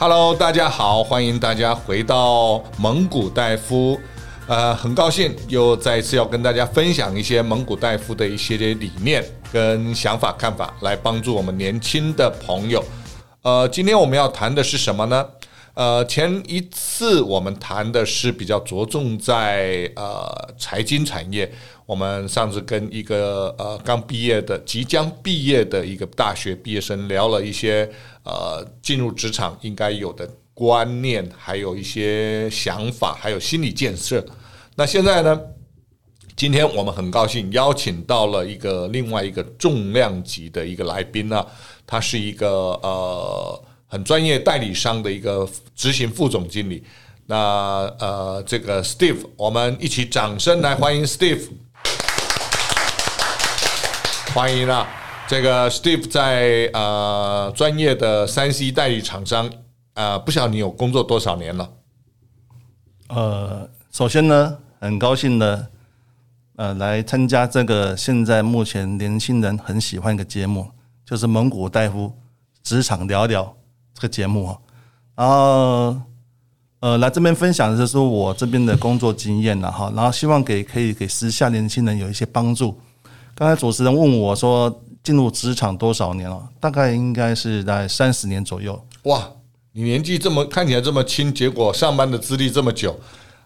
Hello，大家好，歡迎大家回到萌骨戴夫。呃，很高興又再一次要跟大家分享一些萌骨戴夫的一些理念跟想法、看法，來幫助我們年輕的朋友。呃，今天我們要談的是什麼呢？呃，前一次我們談的是比較着重在呃財經產業。我們上次跟一個呃剛畢業的、即將畢業的一個大學畢業生聊了一些呃進入職場應該有的觀念，還有一些想法，還有心理建設。那現在呢？今天我們很高興邀請到了一個另外一個重量級的一個來賓呢，啊，他是一個呃。很專業代理商的一個執行副總經理，那呃，這個 Steve，我們一起掌聲來歡迎 Steve，歡迎啊！這個 Steve 在呃專業的 3C 代理廠商啊，呃，不曉得你有工作多少年了？呃，首先呢，很高興呢，呃，來參加這個現在目前年輕人很喜歡一個節目，就是《萌骨戴夫職場聊聊》。個節目，哈，然後呃，來這邊分享的就是我這邊的工作經驗了哈，然後希望給可以給時下年輕人有一些幫助。剛才主持人問我說，進入職場多少年了啊？大概應該是在三十年左右。哇，你年紀這麼看起來這麼輕，結果上班的資歷這麼久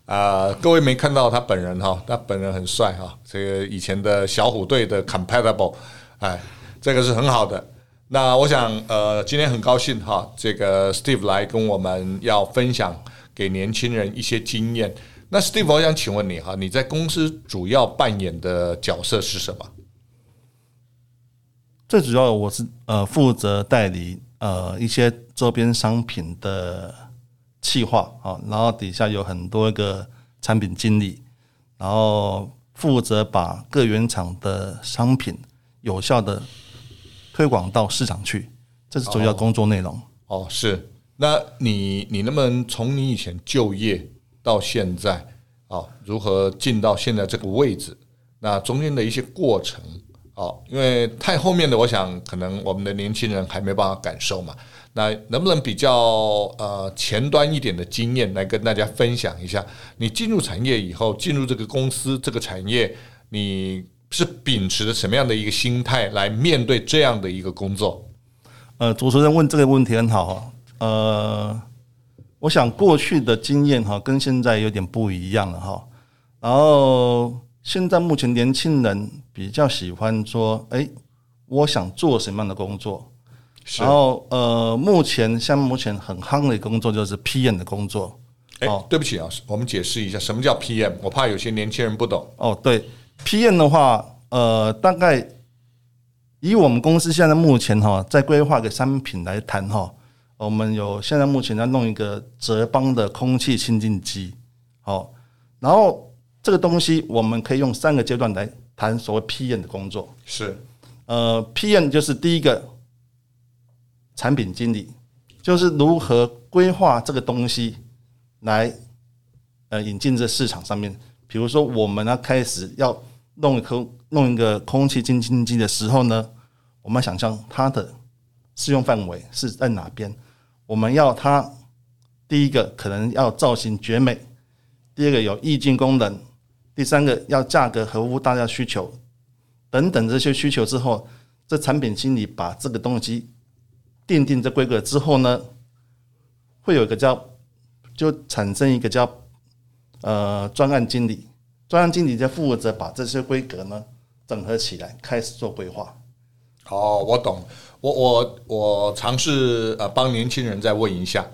啊，呃！各位沒看到他本人哈，哦，他本人很帥哈，哦，這個以前的小虎隊的 Compatible，哎，這個是很好的。那我想，呃，今天很高興哈，這個 Steve 來跟我們要分享給年輕人一些經驗。那 Steve，我想請問你哈，你在公司主要扮演的角色是什麼？最主要我是呃負責代理呃一些周邊商品的企劃啊，然後底下有很多個產品經理，然後負責把各原廠的商品有效的。推廣到市場去，這是主要工作內容哦。哦，是。那你你能不能從你以前就業到現在哦，如何進到現在這個位置？那中間的一些過程哦，因為太後面的，我想可能我們的年輕人還沒辦法感受嘛。那能不能比較呃前端一點的經驗來跟大家分享一下？你進入產業以後，進入這個公司，這個產業你。是秉持着什麼樣的一個心態來面對這樣的一個工作？呃，主持人問這個問題很好哈、哦，呃，我想過去的經驗哈，跟現在有點不一樣了哈。然後現在目前年輕人比較喜歡說：“哎，我想做什麼樣的工作？”然後呃，目前像目前很夯的工作就是 PM 的工作。哎，對不起啊、哦，我們解釋一下什麼叫 PM，我怕有些年輕人不懂。哦，對。PM 的話，呃，大概以我們公司現在目前哈，在規劃的產品來談哈，我們有現在目前在弄一個哲邦的空氣清淨機，好，然後這個東西我們可以用三個階段來談所謂 PM 的工作，是，呃，PM 就是第一個產品經理，就是如何規劃這個東西來，呃，引進這市場上面。比如說，我們呢開始要弄一空弄一個空氣清新機的時候呢，我們想象它的適用範圍是在哪邊？我們要它第一個可能要造型絕美，第二個有意境功能，第三個要價格合乎大家需求，等等這些需求之後，這產品經理把這個東西奠定這規格之後呢，會有一個叫就產生一個叫。呃，專案經理，專案經理就負責把這些規格呢整合起來，開始做規劃。好，我懂。我我我嘗試呃幫年輕人再問一下，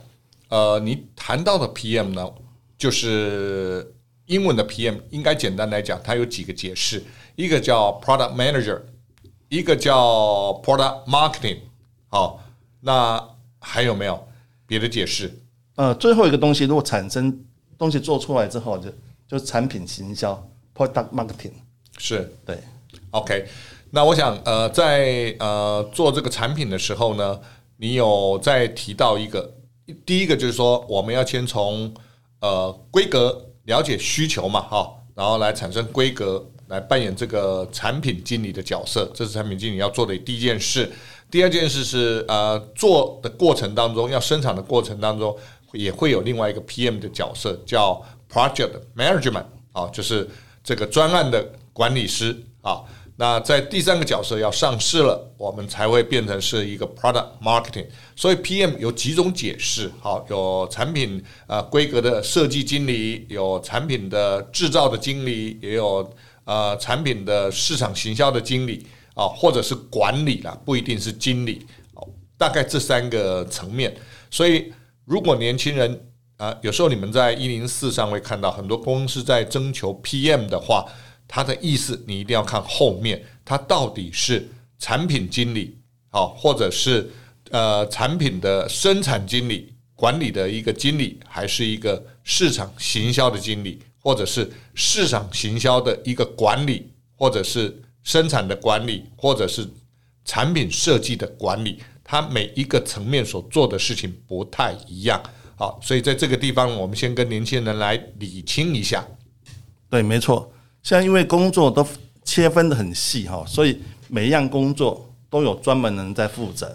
呃，你談到的 PM 呢，就是英文的 PM，應該簡單來講，它有幾個解釋，一個叫 Product Manager，一個叫 Product Marketing。好，那還有沒有別的解釋？呃，最後一個東西，如果產生。東西做出來之後就，就就產品行銷 （product marketing） 是對。OK，那我想呃，在呃做這個產品的時候呢，你有在提到一個第一個就是說，我們要先從呃規格了解需求嘛，哈，然後來產生規格，來扮演這個產品經理的角色，這是產品經理要做的第一件事。第二件事是呃做的過程當中，要生產的過程當中。也會有另外一個 PM 的角色，叫 Project Management 啊，就是這個專案的管理師啊。那在第三個角色要上市了，我們才會變成是一個 Product Marketing。所以 PM 有幾種解釋，好，有產品啊規格的設計經理，有產品的制造的經理，也有呃產品的市場行銷的經理啊，或者是管理啊，不一定是經理哦，大概這三個層面，所以。如果年輕人啊，有時候你們在一零四上會看到很多公司在徵求 PM 的話，它的意思你一定要看後面，它到底是產品經理，好，或者是呃產品的生產經理、管理的一個經理，還是一個市場行銷的經理，或者是市場行銷的一個管理，或者是生產的管理，或者是產品設計的管理。它每一個層面所做的事情不太一樣，好，所以在這個地方，我們先跟年輕人來理清一下。對，沒錯。現在因為工作都切分得很細哈，所以每一樣工作都有專門人在負責。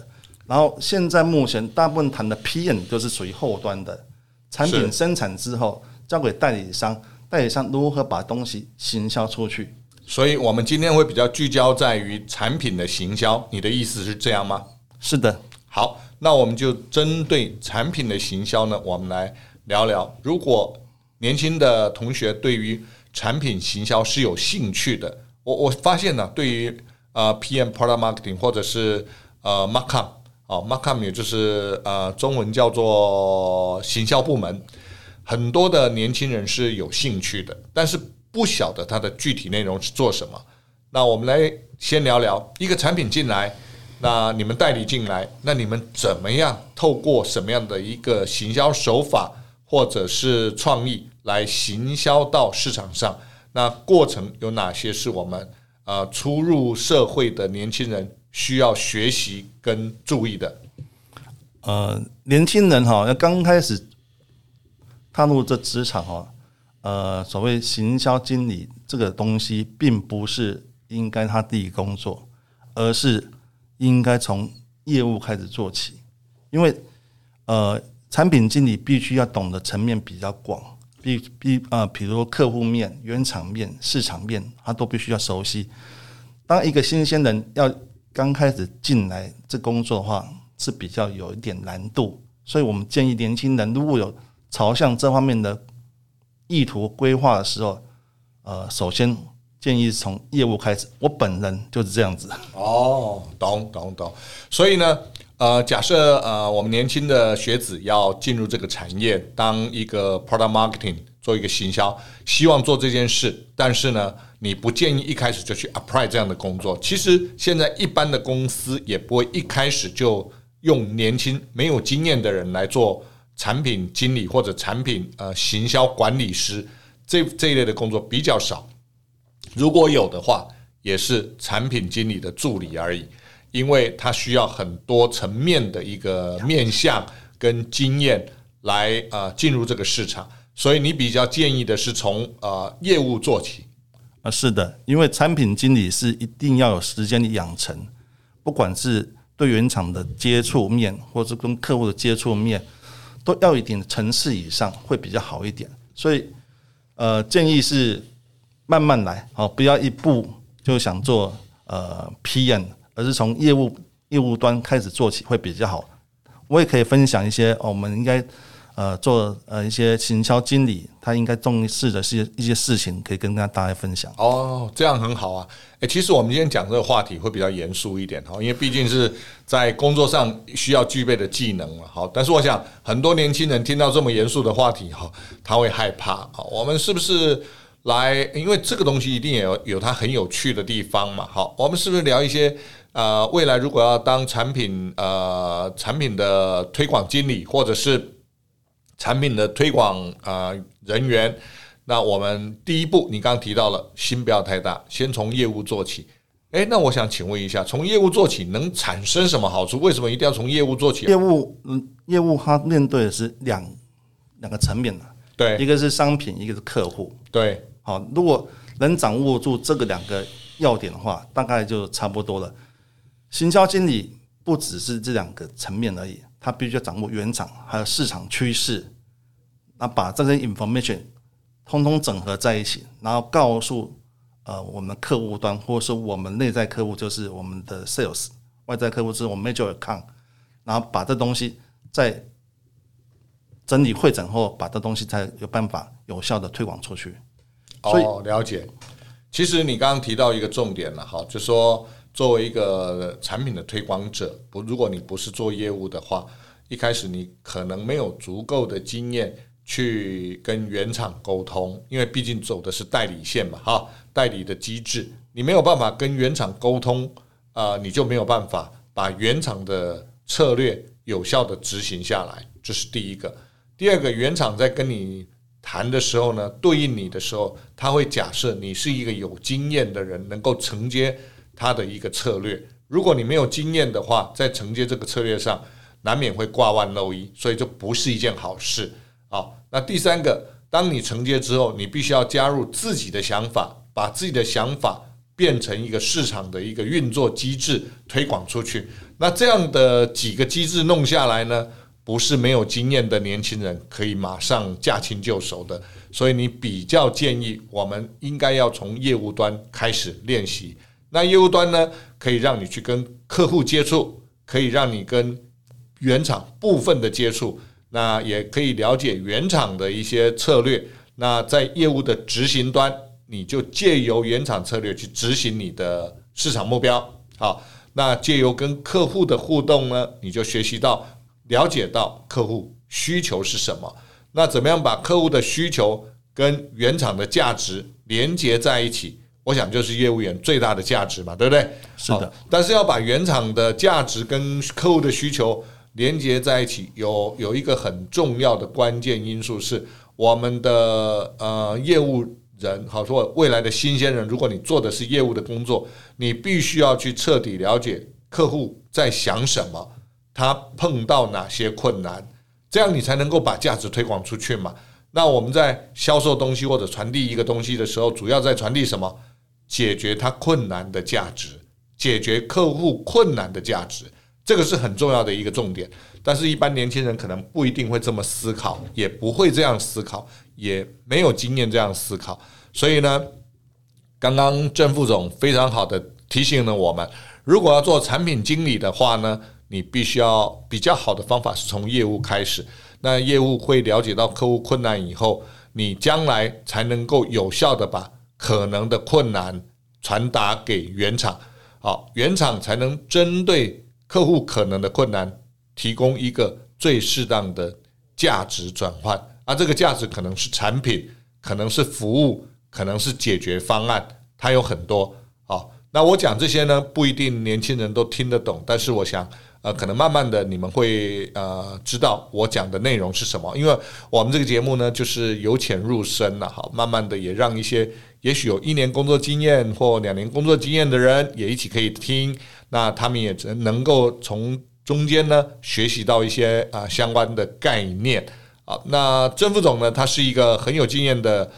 然後現在目前大部分談的 PM 都是屬於後端的，產品生產之後交給代理商，代理商如何把東西行銷出去。所以我們今天會比較聚焦在於產品的行銷。你的意思是這樣嗎？是的，好，那我們就針對產品的行銷呢，我們來聊聊。如果年輕的同學對於產品行銷是有興趣的，我我發現呢、啊，對於呃 PM Product Marketing 或者是呃 marketing，哦 marketing 也就是呃中文叫做行銷部門，很多的年輕人是有興趣的，但是不曉得它的具體內容是做什麼。那我們來先聊聊一個產品進來。那你們代理進來，那你們怎麼樣透過什麼樣的一個行銷手法或者是創意來行銷到市場上？那過程有哪些是我們呃初入社會的年輕人需要學習跟注意的？呃，年輕人哈、哦，要剛開始踏入這職場哈、哦，呃，所謂行銷經理這個東西，並不是應該他自己工作，而是。應該從業務開始做起，因為呃，產品經理必須要懂的層面比較廣，比比啊，比如說客戶面、原廠面、市場面，他都必須要熟悉。當一個新鮮人要剛開始進來這工作的話，是比較有一點難度，所以我們建議年輕人如果有朝向這方面的意圖規劃的時候，呃，首先。建議從業務開始，我本人就是這樣子。哦、oh，懂懂懂。所以呢，呃，假設呃，我們年輕的學子要進入這個產業，當一個 product marketing，做一個行銷，希望做這件事，但是呢，你不建議一開始就去 apply 這樣的工作。其實現在一般的公司也不會一開始就用年輕沒有經驗的人來做產品經理或者產品呃行銷管理師，這這一類的工作比較少。如果有的話，也是產品經理的助理而已，因為他需要很多層面的一個面向跟經驗來啊呃、進入這個市場，所以你比較建議的是從啊、呃、業務做起啊。是的，因為產品經理是一定要有時間的養成，不管是對原廠的接觸面，或是跟客戶的接觸面，都要一定層次以上會比較好一點，所以呃建議是，慢慢來，好，不要一步就想做呃 PM，而是從業務業務端開始做起會比較好。我也可以分享一些，我們應該呃做呃一些行銷經理他應該重視的些一些事情，可以跟大家大家分享。哦，這樣很好啊。誒、欸，其實我們今天講這個話題會比較嚴肅一點哈，因為畢竟是在工作上需要具備的技能嘛。好，但是我想很多年輕人聽到這麼嚴肅的話題哈，他會害怕啊。我們是不是？來，因為這個東西一定也有，有它很有趣的地方嘛。好，我們是不是聊一些呃，未來如果要當產品呃產品的推廣經理，或者是產品的推廣啊、呃、人員，那我們第一步，你剛剛提到了心不要太大，先從業務做起。哎，那我想請問一下，從業務做起能產生什麼好處？為什麼一定要從業務做起？業務嗯，業務它面對的是兩兩個層面的，對，一個是商品，一個是客戶，對。好，如果能掌握住這個兩個要點的話，大概就差不多了。行銷經理不只是這兩個層面而已，他必須要掌握原廠還有市場趨勢，那把這些 information 通通整合在一起，然後告訴呃我們客戶端，或是我們內在客戶，就是我們的 sales，外在客戶是我們 major account，然後把這東西在整理彙整後，把這東西才有辦法有效的推廣出去。哦，了解。其實你剛剛提到一個重點了，哈，就說作為一個產品的推廣者，不，如果你不是做業務的話，一開始你可能沒有足夠的經驗去跟原廠溝通，因為畢竟走的是代理線嘛，哈，代理的機制，你沒有辦法跟原廠溝通，啊、呃，你就沒有辦法把原廠的策略有效地執行下來，這、就是第一個。第二個，原廠在跟你。談的時候呢，對應你的時候，他會假設你是一個有經驗的人，能夠承接他的一個策略。如果你沒有經驗的話，在承接這個策略上，難免會掛萬漏一，所以這不是一件好事啊。那第三個，當你承接之後，你必須要加入自己的想法，把自己的想法變成一個市場的一個運作機制，推廣出去。那這樣的幾個機制弄下來呢，不是沒有經驗的年輕人可以馬上駕輕就熟的，所以你比較建議，我們應該要從業務端開始練習。那業務端呢，可以讓你去跟客戶接觸，可以讓你跟原廠部分的接觸，那也可以了解原廠的一些策略。那在業務的執行端，你就借由原廠策略去執行你的市場目標。好，那借由跟客戶的互動呢，你就學習到。了解到客戶需求是什麼，那怎麼樣把客戶的需求跟原廠的價值連接在一起？我想就是業務員最大的價值嘛，對不對？是的，但是要把原廠的價值跟客戶的需求連接在一起，有有一個很重要的關鍵因素是我們的呃業務人，好，說未來的新鮮人，如果你做的是業務的工作，你必須要去徹底了解客戶在想什麼。他碰到哪些困難，這樣你才能夠把價值推廣出去嘛？那我們在銷售東西或者傳遞一個東西的時候，主要在傳遞什麼？解決他困難的價值，解決客戶困難的價值，這個是很重要的一個重點。但是，一般年輕人可能不一定會這麼思考，也不會這樣思考，也沒有經驗這樣思考。所以呢，剛剛鄭副總非常好的提醒了我們，如果要做產品經理的話呢，你必須要比較好的方法是從業務開始，那業務會了解到客戶困難以後，你將來才能夠有效的把可能的困難傳達給原廠，好，原廠才能針對客戶可能的困難提供一個最適當的價值轉換，而這個價值可能是產品，可能是服務，可能是解決方案，它有很多。好，那我講這些呢，不一定年輕人都聽得懂，但是我想。呃，可能慢慢的你們會呃知道我講的內容是什麼，因為我們這個節目呢，就是由淺入深了、哈，好，慢慢的也讓一些也許有一年工作經驗或兩年工作經驗的人也一起可以聽，那他們也能夠從中間呢學習到一些啊、呃、相關的概念啊。好，那鄭副總呢，他是一個很有經驗的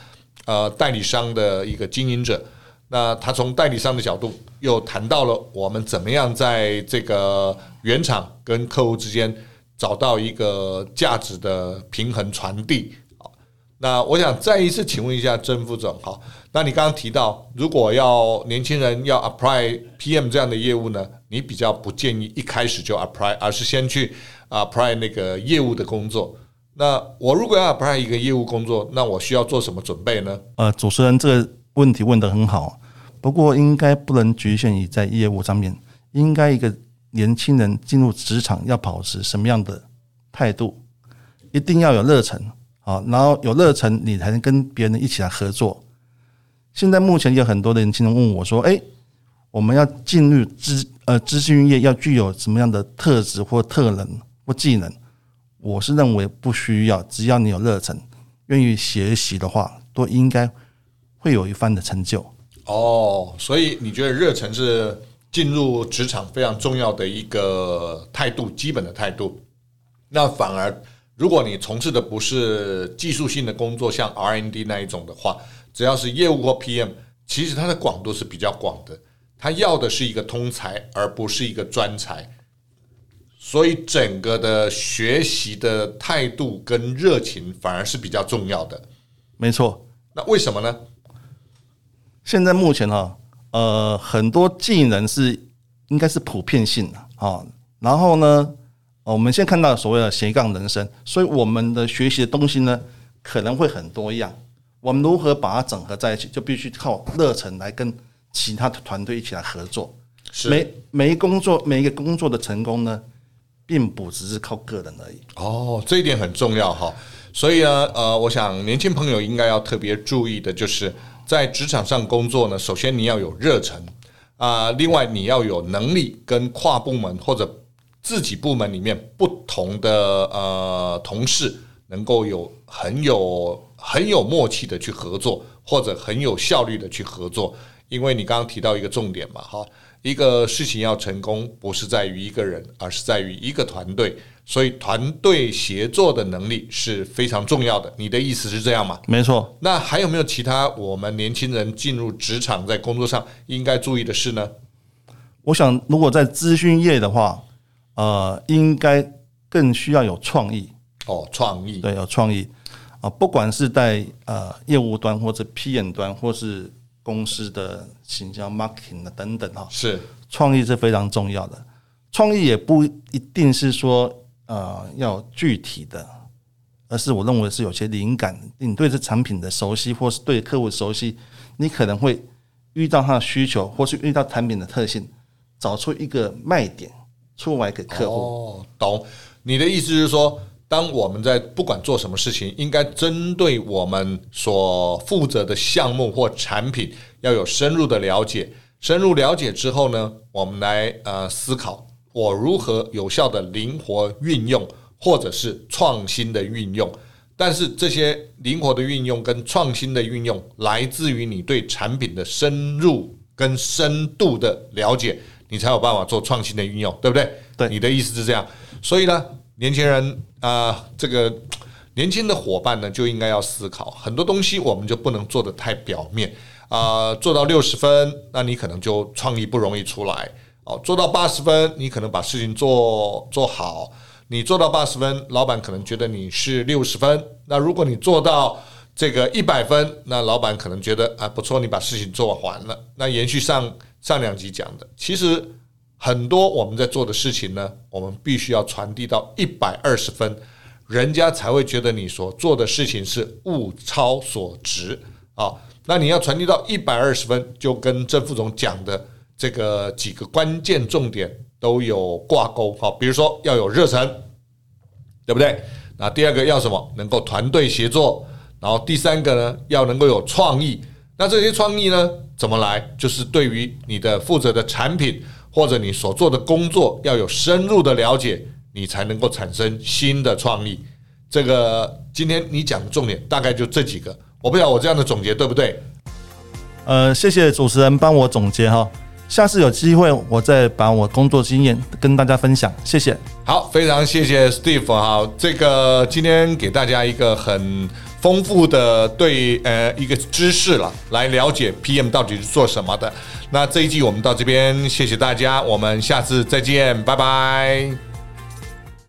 呃代理商的一個經營者。那他從代理商的角度又談到了我們怎麼樣在這個原廠跟客戶之間找到一個價值的平衡傳遞。好，那我想再一次請問一下鄭副總。好，那你剛剛提到，如果要年輕人要 apply PM 這樣的業務呢，你比較不建議一開始就 apply，而是先去 apply 那個業務的工作。那我如果要 apply 一個業務工作，那我需要做什麼準備呢、啊？呃，主持人這個。問題問得很好，不過應該不能侷限於在業務上面。應該一個年輕人進入職場要保持什麼樣的態度？一定要有熱忱啊！然後有熱忱，你才能跟別人一起來合作。現在目前有很多年輕人問我說：“哎，我們要進入資呃諮詢業，要具有什麼樣的特質或特能或技能？”我是認為不需要，只要你有熱忱，願意學習的話，都應該。會有一番的成就哦，所以你覺得熱忱是進入職場非常重要的一個態度，基本的態度。那反而，如果你從事的不是技術性的工作，像 R&D 那一種的話，只要是業務或 PM，其實它的廣度是比較廣的，它要的是一個通才，而不是一個專才。所以，整個的學習的態度跟熱情反而是比較重要的。沒錯，那為什麼呢？現在目前呢，呃，很多技能是應該是普遍性的啊、哦。然後呢，我們現在看到所謂的斜槓人生，所以我們的學習的東西呢，可能會很多樣。我們如何把它整合在一起，就必須靠熱忱來跟其他的團隊一起來合作。是，每每一工作每一個工作的成功呢，並不只是靠個人而已。哦，這一點很重要哈、哦。所以呢，呃，我想年輕朋友應該要特別注意的就是。在職場上工作呢，首先你要有熱忱啊，呃，另外你要有能力跟跨部門或者自己部門裡面不同的呃同事，能夠有很有很有默契的去合作，或者很有效率的去合作。因為你剛剛提到一個重點嘛，哈，一個事情要成功，不是在於一個人，而是在於一個團隊，所以團隊協作的能力是非常重要的。你的意思是這樣嗎？沒錯。那還有沒有其他我們年輕人進入職場在工作上應該注意的事呢？我想，如果在諮詢業的話，呃，應該更需要有創意哦，創意，對，有創意啊，呃，不管是在呃業務端或者 PM 端，或是。公司的行銷、marketing 等等哈，是創意是非常重要的，創意也不一定是說呃要具體的，而是我認為是有些靈感，你對這產品的熟悉或是對客戶熟悉，你可能會遇到他的需求或是遇到產品的特性，找出一個賣點出來給客戶。哦，懂，你的意思是說。當我們在不管做什麼事情，應該針對我們所負責的項目或產品，要有深入的了解。深入了解之後呢，我們來呃思考，我如何有效的靈活運用，或者是創新的運用。但是這些靈活的運用跟創新的運用，來自於你對產品的深入跟深度的了解，你才有辦法做創新的運用，對不對？對，你的意思是這樣。所以呢，年輕人。啊、呃，這個年輕的夥伴呢，就應該要思考很多東西，我們就不能做得太表面啊、呃。做到六十分，那你可能就創意不容易出來哦。做到八十分，你可能把事情做做好。你做到八十分，老闆可能覺得你是六十分。那如果你做到這個一百分，那老闆可能覺得啊不錯，你把事情做完了。那延續上上兩集講的，其實。很多我們在做的事情呢，我們必須要傳遞到一百二十分，人家才會覺得你所做的事情是物超所值啊。那你要傳遞到一百二十分，就跟鄭副總講的這個幾個關鍵重點都有掛鈎啊。好，比如說要有熱忱，對不對？那第二個要什麼？能夠團隊協作。然後第三個呢，要能夠有創意。那這些創意呢？怎麼來？就是對於你的負責的產品或者你所做的工作要有深入的了解，你才能夠產生新的創意。這個今天你講的重點大概就這幾個，我不知道我這樣的總結對不對？呃，謝謝主持人幫我總結哈。下次有機會，我再把我工作經驗跟大家分享，謝謝。好，非常謝謝 Steve。好，這個今天給大家一個很豐富的對呃一個知識了，來了解 PM 到底是做什麼的。那這一集我們到這邊，謝謝大家，我們下次再見，拜拜。